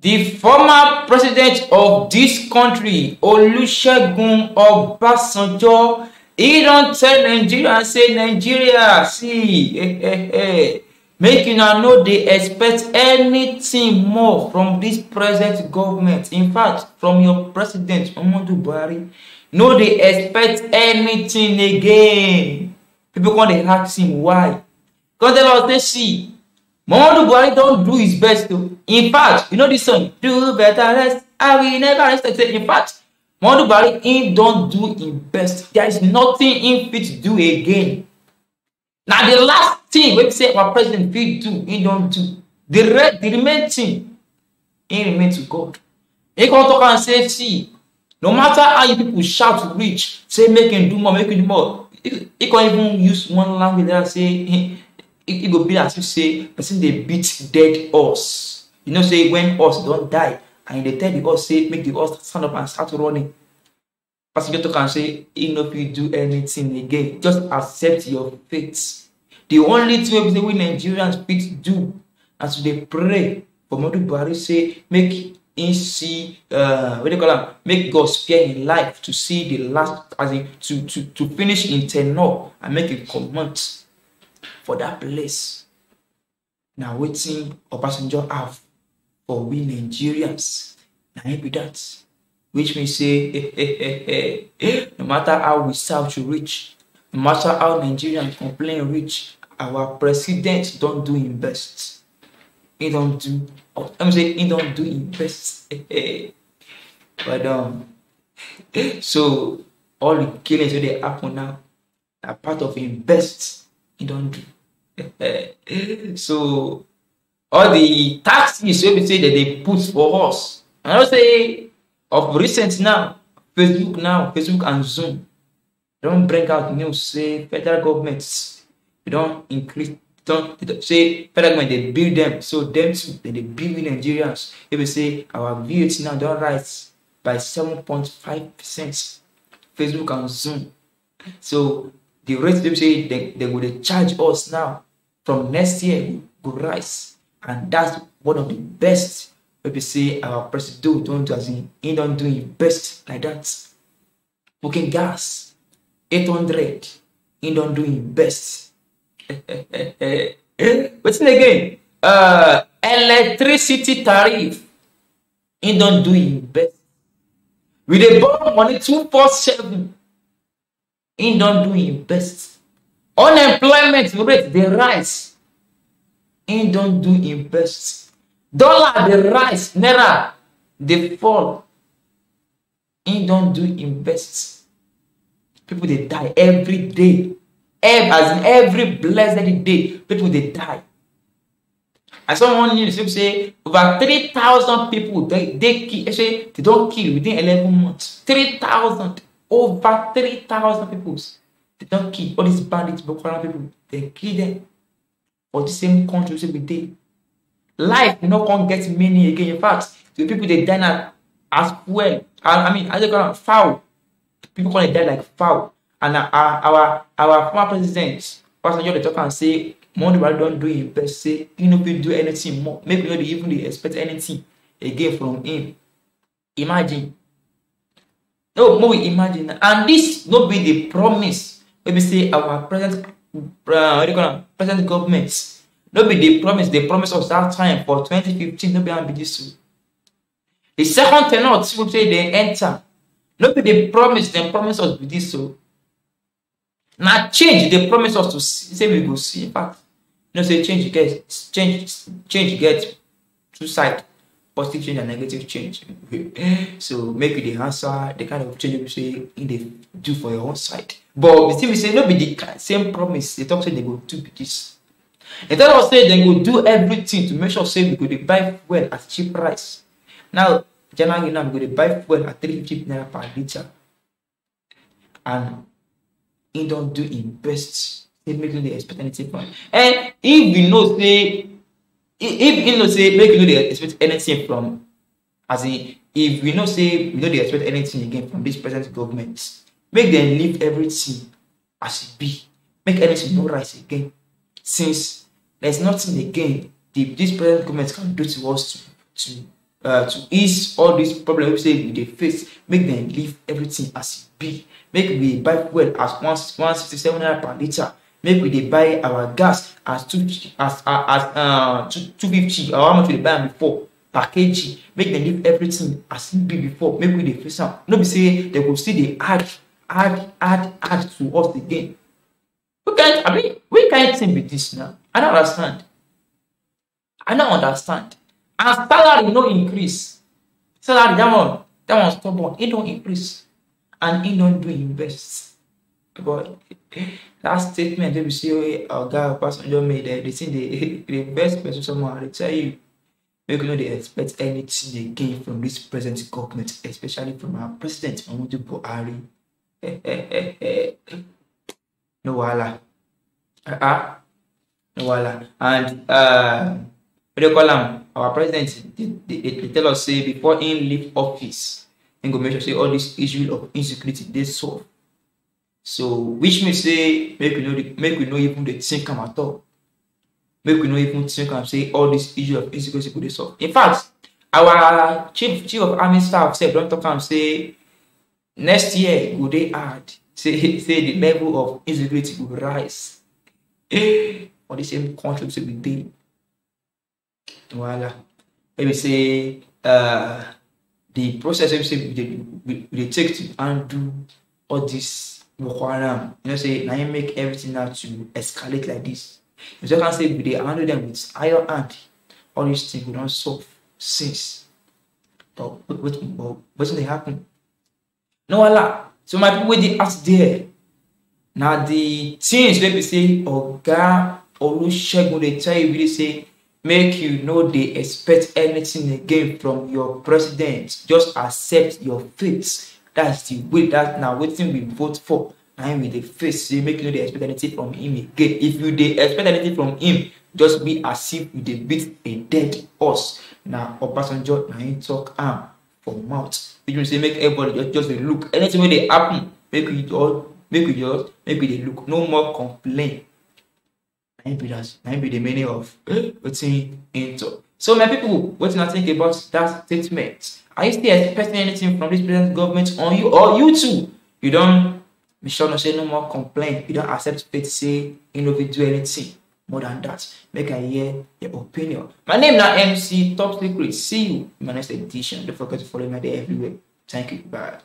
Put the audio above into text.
The former president of this country, Olusegun Obasanjo, he don tell Nigeria say Nigeria see eh, eh, eh, make una no dey expect anything more from this present government. In fact, from your president Muhammadu Buhari, no dey expect anything again. People come dey ask him why. Come tell us say see Muhammadu Buhari don do his best to. In fact, you know this song, do better rest, I will never rest. In fact, Muhammadu Buhari he don do him best. There is nothing he fit do again. Na the last thing wey be say our president fit do, he don do. The rest. the remaining thing, he remain to God. He come talk am say see, no matter how you people shout reach, say make him do more, make him do more. He, he come even use one language that say. e go be as if say person dey beat dead horse you know say when horse don die and you e dey tell the horse say make the horse stand up and start running Person passenger talk am say e no fit do anything again just accept your fate the only thing wey nigerians fit do na to dey pray for muhammadu buhari say make him see uh, what do you call am make god spare him life to see the last as in to to to finish him ten ure and make him comot for dat place na wetin obasanjo have for we nigerians na him be dat which mean say eh, eh, eh, no matter how we to reach no matter how nigerians complain reach our president don do im best he don do let me say he don do im best but um, so all the killings wey dey happen now na part of im best he don do. so all the taxes we say that they put for us i say of recent now facebook now facebook and zoom don't bring out news say federal government don increase not say federal government they build them. so them too dem dey nigerians They be say our vat now don't rise by seven point five percent facebook and zoom so the rate they say they they would charge us now from next year go rise and that's one of the best wey be say our president do don do as in he don do him best like that smoking gas eight hundred he don do him best wetin again uh, electricity tariff he don do him best we dey borrow money two four seven he don do him best unemployment rate dey rise im don do best dollars dey rise naira dey fall im don do best pipo dey die everyday as in every blessed day pipo dey die i saw one news wey say over three thousand pipo dey kill dey kill within eleven months three thousand over three thousand people. The donkey, all these bandits, Boko Haram people. They kill them for the same country every day. Life not gonna get meaning again. In fact, the people they die now as well. I, I mean, as they gonna foul. People gonna die like foul. And our our our former president, Pastor John, they talk and say, Money rather don't do it." best. Say, you know, people do anything more. Maybe not even they expect anything again from him. Imagine. No, more imagine. And this not be the promise maybe say our present uh, you call present government no be the promise they promise us that time for 2015 no be am be this o the second ten ant wey say dey enter no be the promise dem promise us be this o na change dey promise us to see say we go see in fact you know say change get change change get two side positive change and negative change. so maybe the answer the kind of change you say in the do for your own side. But the thing we say, no be the same promise. They talk say they go do this. They tell us say they go do everything to make sure say we go dey buy well at cheap price. Now generally now we go dey buy well at three cheap naira per liter, And he don't do him best say make no dey expect anything from And if we know say if you know say make you no dey expect anything from as in if we know say we no dey expect anything again from this present government make dem leave everything as e be make anything no rise again since there is nothing again the dis present government can do to us to to uh, to ease all these problems wey we dey face make dem leave everything as e be make we buy fuel at one one sixty seven naira per litre make we dey buy our gas as two as as uh, two two fifty or how much we dey buy am before package. make dem leave everything as e be before make we dey face am no be say dem go still dey add add add add to us again we kind i mean we kind thing be this now. i no understand i no understand and salary no increase salary that one that one stubborn e don increase and e don do im But that statement they will say our guy Obasanjo made eh, they, they think they the best person someone they tell you make you know they expect anything again from this present government, especially from our president Muhammadu Buhari. no wahala. Uh-uh. No wahala. And uh what do call him? Our president they, tell us say before him leave office, him go make sure say all this issue of insecurity they solve. So which means say make we know the, make we know even the think come at all. Make we know even think am say all this issue of insecurity go solve. In fact, our chief chief of army staff said, "Don't talk and say next year go they add say say the level of insecurity will rise for the same country wey we dey. Wahala. Let me say uh, the process we say we we take to undo all this Boko You know, say, now you make everything now to escalate like this. You just can't say, they handle them with iron hand. All these things we don't solve since. But what, what, what they happen? No, Allah. So my people they ask there. Now the things let me say, or God, or Olusegun, they tell you, really say, make you know they expect anything again from your president. Just accept your fate That's the way that now waiting we vote for. And we the face, so make you know they expect anything from him again. If you they expect anything from him, just be as if you they beat a dead horse. Now, Obasanjo, now you talk arm um, for mouth. You know, say make everybody just, just they look. Anything when they happen, make you all, make you just, make you they look. No more complain. Now be that, now be the meaning of putting into. So, my people, what do you think about that statement? Are you still expecting anything from this present government on you or you too? You don't, Michelle, not say no more complaint. You don't accept fate, say, you know, do anything more than that. Make a hear your opinion. My name now MC Top Secret. See you in my next edition. Don't forget to follow me there everywhere. Thank you. Bye.